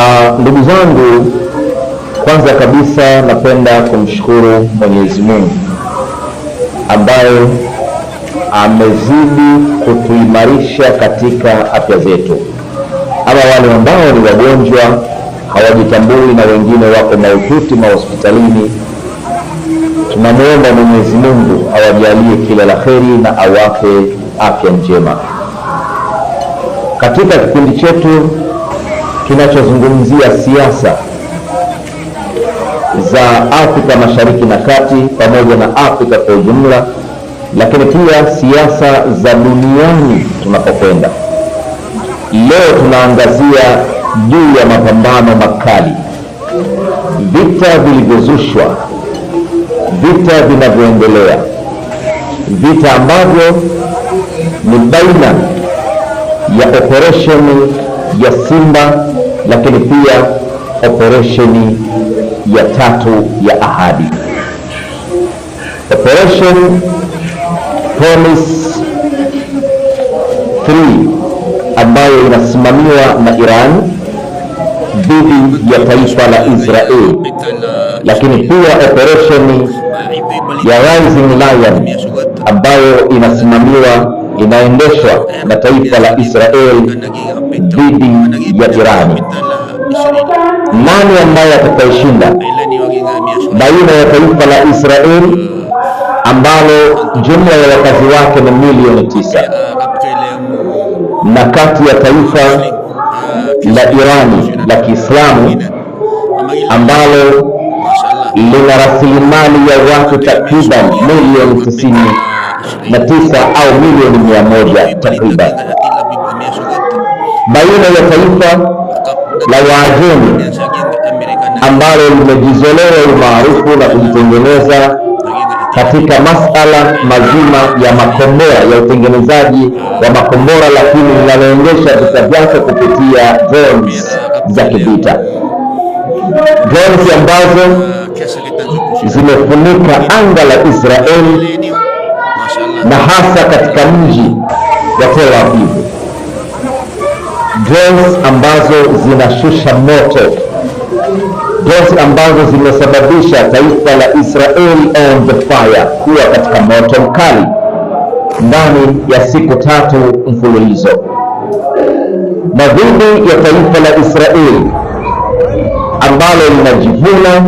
Uh, ndugu zangu, kwanza kabisa napenda kumshukuru Mwenyezi Mungu ambaye amezidi kutuimarisha katika afya zetu. Ama wale ambao ni wagonjwa hawajitambui na wengine wako mahututi mahospitalini, tunamwomba Mwenyezi Mungu awajalie kila la heri na awape afya njema. Katika kipindi chetu kinachozungumzia siasa za Afrika Mashariki na Kati pamoja na Afrika kwa ujumla, lakini pia siasa za duniani tunapokwenda. Leo tunaangazia juu ya mapambano makali, vita vilivyozushwa, vita vinavyoendelea, vita ambavyo ni baina ya operesheni ya Simba, lakini pia operesheni ya tatu ya ahadi, Operation Promise 3 ambayo inasimamiwa na Iran dhidi ya taifa la Israel, lakini pia operesheni ya Rising Lion ambayo inasimamiwa linaendeshwa na taifa la israel dhidi ya jirani. Nani ambaye atakayeshinda baina ya taifa la israel ambalo jumla ya wakazi wake ni milioni tisa na kati ya taifa la Irani la Kiislamu ambalo lina rasilimali ya watu takriban milioni tisini na tisa au milioni mia moja takriban. Baina ya taifa la Waajemi ambalo limejizolea umaarufu na kujitengeneza katika masala mazima ya makombora ya utengenezaji wa makombora, lakini linaloendesha vita vyake kupitia drones za kivita, drones ambazo zimefunika anga la Israeli na hasa katika mji wa Tel Aviv, drones ambazo zinashusha moto, drones ambazo zimesababisha taifa la Israel on the fire kuwa katika moto mkali ndani ya siku tatu mfululizo. Madhumuni ya taifa la Israeli ambalo linajivuna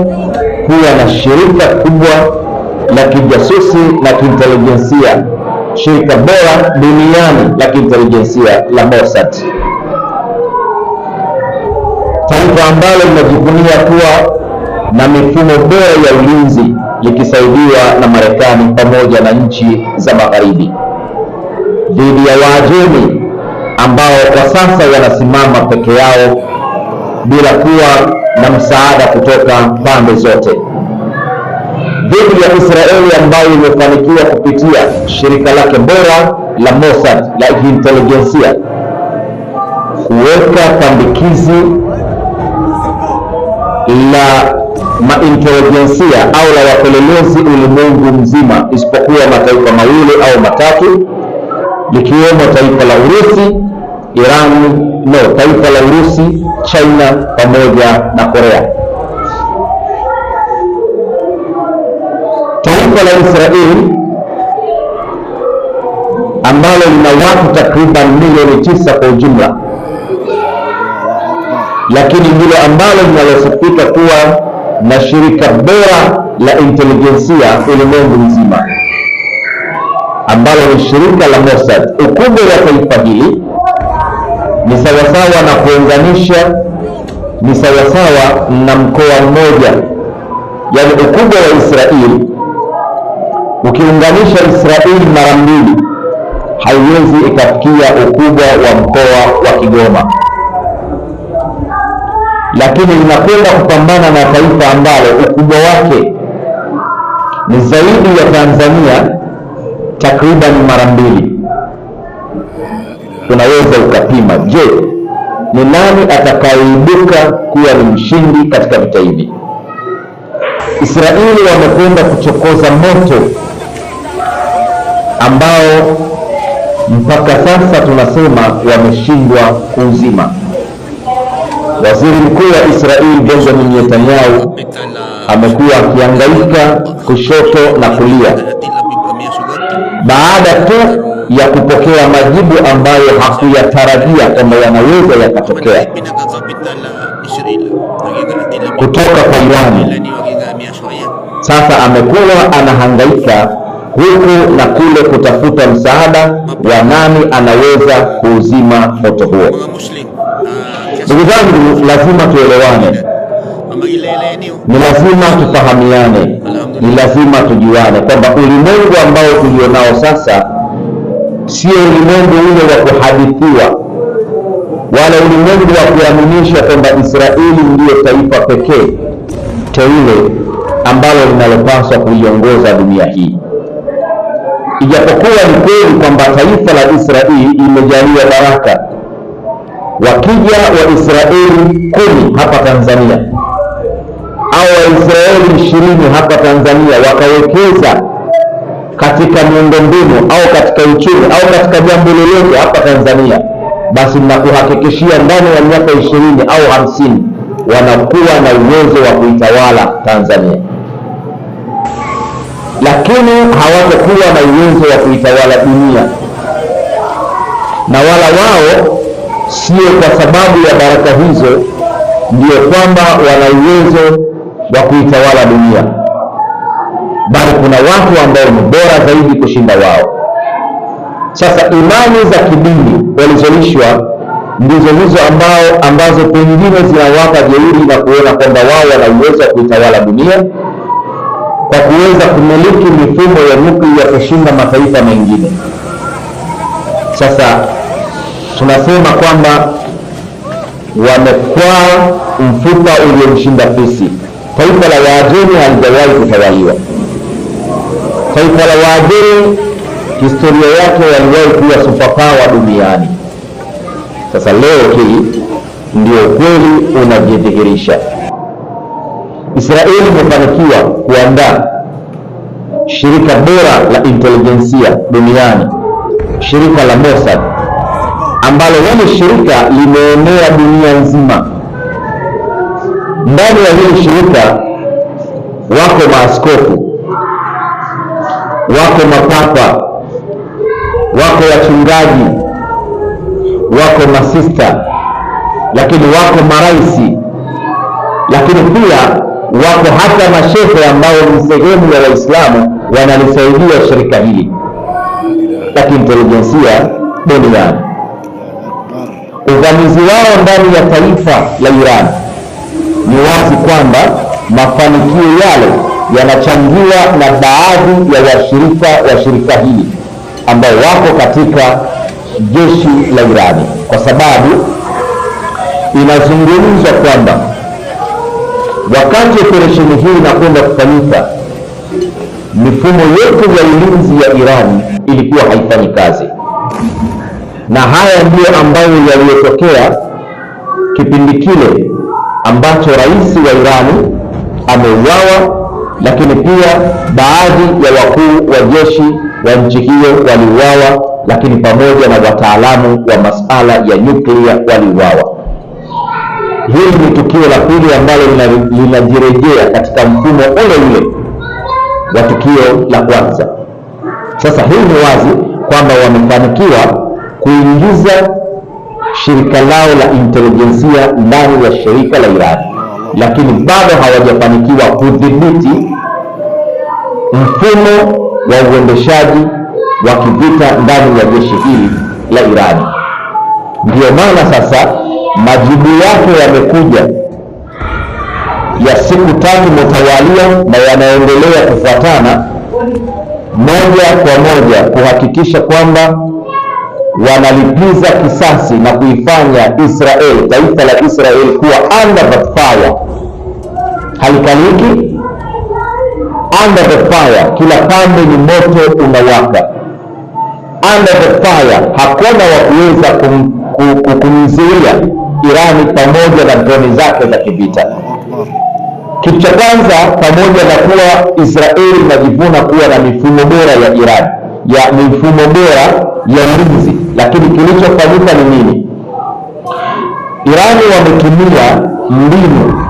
kuwa na shirika kubwa la kijasusi la kiintelijensia, shirika bora duniani la kiintelijensia la Mossad, taifa ambalo linajivunia kuwa na mifumo bora ya ulinzi likisaidiwa na Marekani pamoja na nchi za Magharibi dhidi ya Waajemi ambao kwa sasa wanasimama peke yao bila kuwa na msaada kutoka pande zote nchi ya Israeli ambayo imefanikiwa kupitia shirika lake bora la Mossad la intelligence kuweka pandikizi la maintelijensia au la wapelelezi ulimwengu mzima, isipokuwa mataifa mawili au matatu, likiwemo taifa la Urusi, Iran, no, taifa la Urusi, China pamoja na Korea. taifa la Israeli ambalo lina watu takriban milioni tisa kwa ujumla, lakini ndilo ambalo linalosifika kuwa na shirika bora la intelijensia ulimwengu mzima, ambalo ni shirika la Mossad. Ukubwa wa taifa hili ni sawasawa na kuunganisha, ni sawasawa na mkoa mmoja, yaani ukubwa wa Israeli Ukiunganisha Israeli mara mbili haiwezi ikafikia ukubwa wa mkoa wa Kigoma, lakini inakwenda kupambana na taifa ambalo ukubwa wake ni zaidi ya Tanzania takriban mara mbili. Unaweza ukapima, je, ni nani atakayeibuka kuwa ni mshindi katika vita hivi? Israeli wamekwenda kuchokoza moto ambao mpaka sasa tunasema wameshindwa kuuzima. Waziri Mkuu wa Israeli Benjamin Netanyahu amekuwa akihangaika kushoto na kulia baada tu ya kupokea majibu ambayo hakuyatarajia kwamba yanaweza yakatokea kutoka kwa Irani. Sasa amekuwa anahangaika huku na kule kutafuta msaada wa nani anaweza kuuzima moto huo. Ah, Ndugu zangu, lazima tuelewane, ni lazima tufahamiane, ni lazima tujuane kwamba ulimwengu ambao tulionao sasa sio ulimwengu ule wa kuhadithiwa wala ulimwengu wa kuaminisha kwamba Israeli ndiyo taifa pekee teule ambalo linalopaswa kuiongoza dunia hii. Ijapokuwa ni kweli kwamba taifa la Israeli imejaliwa baraka, wakija Waisraeli kumi hapa Tanzania au Waisraeli ishirini hapa Tanzania wakawekeza katika miundombinu au katika uchumi au katika jambo lolote hapa Tanzania, basi nakuhakikishia ndani ya miaka ishirini au hamsini wanakuwa na uwezo wa kuitawala Tanzania lakini hawatakuwa na uwezo wa kuitawala dunia, na wala wao sio kwa sababu ya baraka hizo ndiyo kwamba wana uwezo wa kuitawala dunia, bali kuna watu ambao ni bora zaidi kushinda wao. Sasa imani za kidini walizolishwa ndizo hizo ambao ambazo pengine zinawapa jeuri na kuona kwamba wao wana uwezo wa kuitawala dunia kwa kuweza kumiliki mifumo ya nyuklia kushinda mataifa mengine. Sasa tunasema kwamba wamekwaa mfupa uliomshinda fisi. Taifa la Waajemi halijawahi kutawaliwa. Taifa la Waajemi historia yake waliwahi kuwa superpower duniani. Sasa leo hii ndio ukweli unajidhihirisha. Israeli imefanikiwa kuandaa shirika bora la intelijensia duniani, shirika la Mossad, ambalo hili shirika limeenea dunia nzima. Ndani ya hili shirika wako maaskofu, wako mapapa, wako wachungaji, wako masista, lakini wako maraisi, lakini pia wako hata mashehe ambao ni sehemu ya Waislamu wanalisaidia shirika hili la kiintelijensia duniani. Uvamizi wao ndani ya taifa la Iran ni wazi kwamba mafanikio yale yanachangiwa na baadhi ya washirika wa shirika hili ambao wako katika jeshi la Irani, kwa sababu inazungumzwa kwamba Wakati operesheni hii inakwenda kufanyika, mifumo yote ya ulinzi ya Iran ilikuwa haifanyi kazi, na haya ndiyo ambayo yaliyotokea kipindi kile ambacho rais wa Irani ameuawa, lakini pia baadhi ya wakuu wa jeshi wa nchi hiyo waliuawa, lakini pamoja na wataalamu wa masala ya nyuklia waliuawa. Hili ni tukio la pili ambalo linajirejea katika mfumo ule ule wa tukio la kwanza. Sasa hii ni wazi kwamba wamefanikiwa kuingiza shirika lao la intelijensia ndani ya shirika la Irani, lakini bado hawajafanikiwa kudhibiti mfumo wa uendeshaji wa kivita ndani ya jeshi hili la Irani. Ndiyo maana sasa Majibu yake yamekuja ya siku tatu mtawalia na yanaendelea kufuatana moja kwa moja kuhakikisha kwamba wanalipiza kisasi na kuifanya Israel, taifa la Israel kuwa under the fire, halikaliki. Under the fire, kila pande ni moto unawaka. Under the fire, hakuna wa kuweza kumzuia kum, Irani pamoja na droni zake za kivita. Kitu cha kwanza, pamoja na kuwa Israeli inajivuna kuwa na mifumo bora ya Irani ya mifumo bora ya ulinzi, lakini kilichofanyika ni nini? Irani wametumia mbinu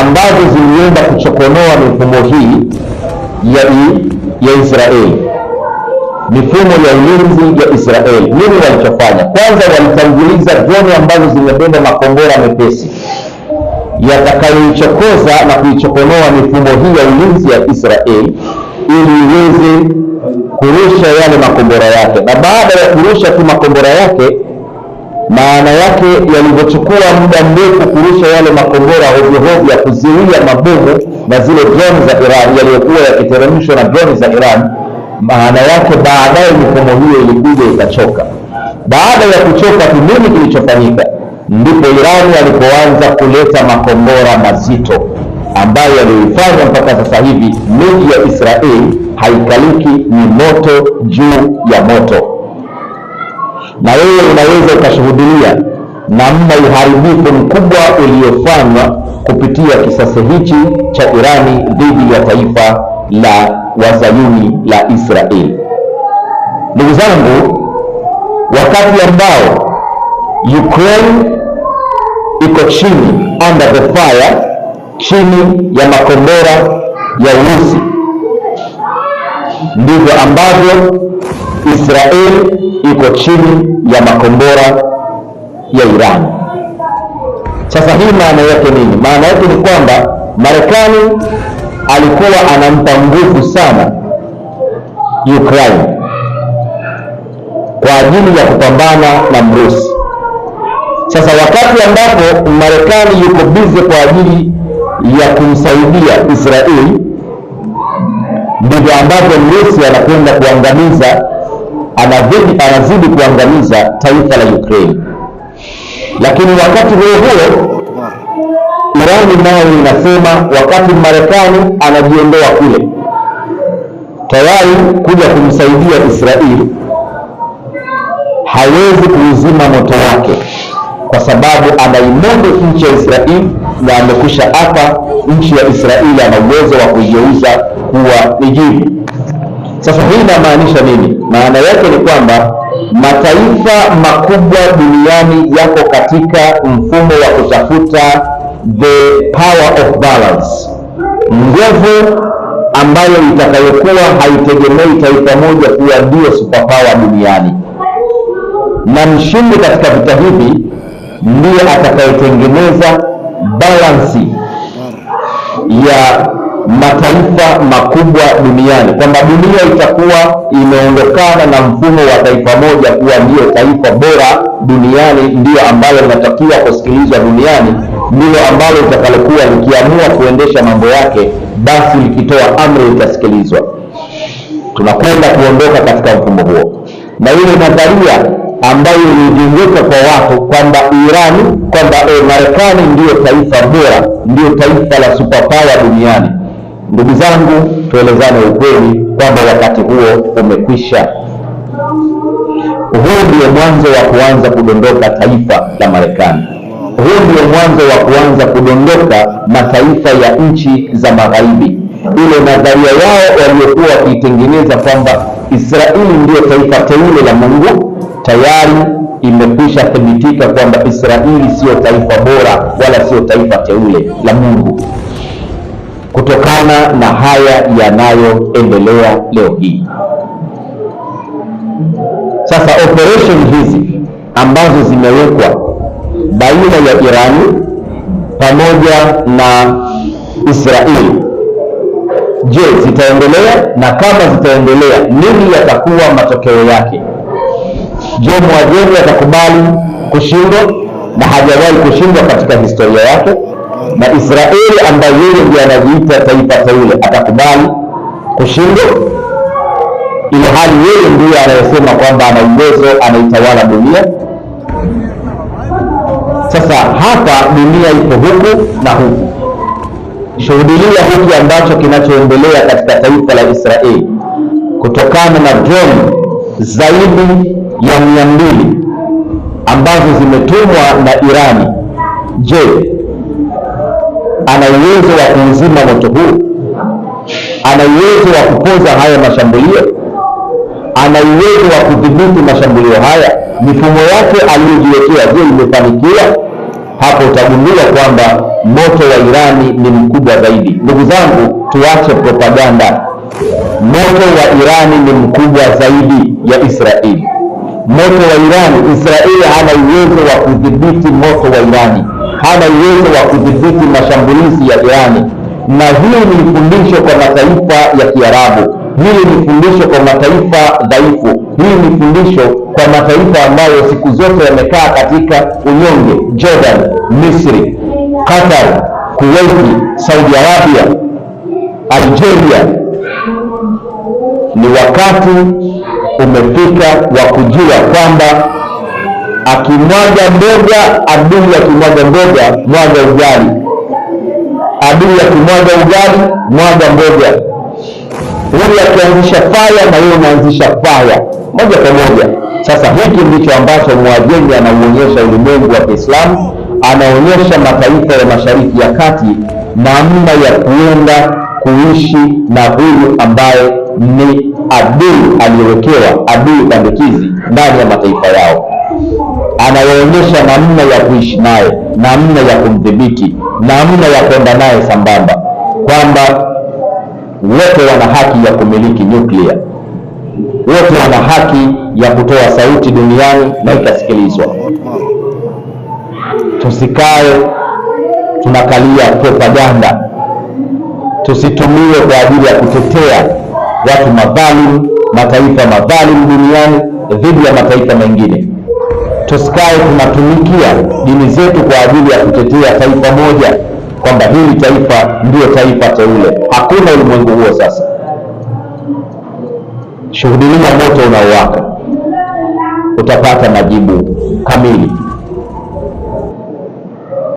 ambazo zilienda kuchokonoa mifumo hii ya, ya Israeli mifumo ya ulinzi ya Israeli. Nini walichofanya? Kwanza walitanguliza droni ambazo zimebeba makombora mepesi yatakayoichokoza na kuichokonoa mifumo hii ya ulinzi ya Israeli ili iweze kurusha yale makombora yake, na baada ya kurusha tu makombora yake, maana yake yalivyochukua muda mrefu kurusha yale makombora hovyohovyo ya kuzuia mabomu na zile droni za Iran yaliyokuwa yakiteremshwa na droni za Iran maana yake baadaye mifumo hiyo ilikuja ikachoka. Baada ya kuchoka tu, nini kilichofanyika? Ndipo Irani alipoanza kuleta makombora mazito ambayo yaliyoifanya mpaka sasa hivi miji ya Israeli haikaliki, ni moto juu ya moto. Na wewe unaweza ukashuhudia namna uharibifu mkubwa uliofanywa kupitia kisasi hichi cha Irani dhidi ya taifa la Sayuni la Israeli. Ndugu zangu, wakati ambao Ukraine iko chini under the fire, chini ya makombora ya Urusi, ndivyo ambavyo Israeli iko chini ya makombora ya Iran. Sasa hii maana yake nini? Maana yake ni kwamba Marekani alikuwa anampa nguvu sana Ukraine kwa ajili ya kupambana na Mrusi. Sasa wakati ambapo Marekani yuko bize kwa ajili ya kumsaidia Israeli, ndivyo ambavyo Mrusi anakwenda kuangamiza, anazidi, anazidi kuangamiza taifa la Ukraine, lakini wakati huo huo Qurani nayo inasema wakati Marekani anajiondoa kule tayari kuja kumsaidia Israeli, hawezi kuuzima moto wake kwa sababu anaimondo nchi ya Israeli na amekwisha hapa nchi ya Israeli, ana uwezo wa kuigeuza kuwa Ijibu. Sasa hii inamaanisha nini? Maana yake ni kwamba mataifa makubwa duniani yako katika mfumo wa kutafuta the power of balance, nguvu ambayo itakayokuwa haitegemei taifa moja kuwa ndio superpower duniani, na mshindi katika vita hivi ndiye atakayetengeneza balansi ya mataifa makubwa duniani, kwamba dunia itakuwa imeondokana na mfumo wa taifa moja kuwa ndiyo taifa bora duniani, ndiyo ambalo linatakiwa kusikilizwa duniani ndilo ambalo litakalokuwa likiamua kuendesha mambo yake, basi likitoa amri itasikilizwa. Tunakwenda kuondoka katika mfumo huo, na ile nadharia ambayo ilijengeka kwa watu kwamba Irani, kwamba e, Marekani ndiyo taifa bora, ndiyo taifa la superpower duniani. Ndugu zangu, tuelezane ukweli kwamba wakati huo umekwisha. Huu ndio mwanzo wa kuanza kudondoka taifa la Marekani. Huu ndio mwanzo wa kuanza kudondoka mataifa ya nchi za magharibi, ile nadharia yao waliokuwa wakiitengeneza kwamba Israeli ndio taifa teule la Mungu, tayari imekwisha thibitika kwamba Israeli siyo taifa bora wala siyo taifa teule la Mungu, kutokana na haya yanayoendelea leo hii. Sasa operation hizi ambazo zimewekwa baina ya Irani pamoja na Israeli. Je, zitaendelea? Na kama zitaendelea, nini yatakuwa matokeo yake? Je, mwajemi atakubali kushindwa? Na hajawahi kushindwa katika historia yake. Na Israeli ambaye yeye ndiye anajiita taifa teule atakubali kushindwa, ili hali yeye ndiye anayesema kwamba ana uwezo, anaitawala dunia sasa hapa dunia ipo huku na huku, shuhudilia hiki ambacho kinachoendelea katika taifa la Israeli kutokana na drone zaidi ya mia mbili ambazo zimetumwa na Irani. Je, ana uwezo wa kuuzima moto huu? Ana uwezo wa kupoza haya mashambulio? Ana uwezo wa kudhibiti mashambulio haya? mifumo yake aliyojiwekea, je, imefanikiwa? Hapo utagundua kwamba moto wa Irani ni mkubwa zaidi. Ndugu zangu, tuache propaganda. Moto wa Irani ni mkubwa zaidi ya Israeli. Moto wa Irani, Israeli hana uwezo wa kudhibiti moto wa Irani, hana uwezo wa kudhibiti mashambulizi ya Irani, na hili ni fundisho kwa mataifa ya Kiarabu. Hili ni fundisho kwa mataifa dhaifu. Hili ni fundisho kwa mataifa ambayo siku zote yamekaa katika unyonge: Jordan, Misri, Qatar, Kuwait, Saudi Arabia, Algeria. Ni wakati umefika wa kujua kwamba akimwaga mboga adui, akimwaga mboga mwaga ugali, adui akimwaga ugali mwaga mboga huyu akianzisha faya na yeye unaanzisha faya moja kwa moja. Sasa hiki ndicho ambacho mwajeni anauonyesha ulimwengu wa Kiislamu, anaonyesha mataifa ya Mashariki ya Kati namna ya kuenda kuishi na huyu ambaye ni adui aliyewekewa, adui bandikizi ndani ya mataifa yao. Anawaonyesha namna ya kuishi naye, namna ya kumdhibiti, namna ya kwenda naye sambamba kwamba wote wana haki ya kumiliki nyuklia, wote wana haki ya kutoa sauti duniani na ikasikilizwa. Tusikae tunakalia propaganda, tusitumiwe kwa ajili ya kutetea watu madhalimu, mataifa madhalimu duniani dhidi ya mataifa mengine. Tusikae tunatumikia dini zetu kwa ajili ya kutetea taifa moja, kwamba hili taifa ndiyo taifa teule. Hakuna ulimwengu huo sasa. Shuhudilia moto unaowaka, utapata majibu kamili.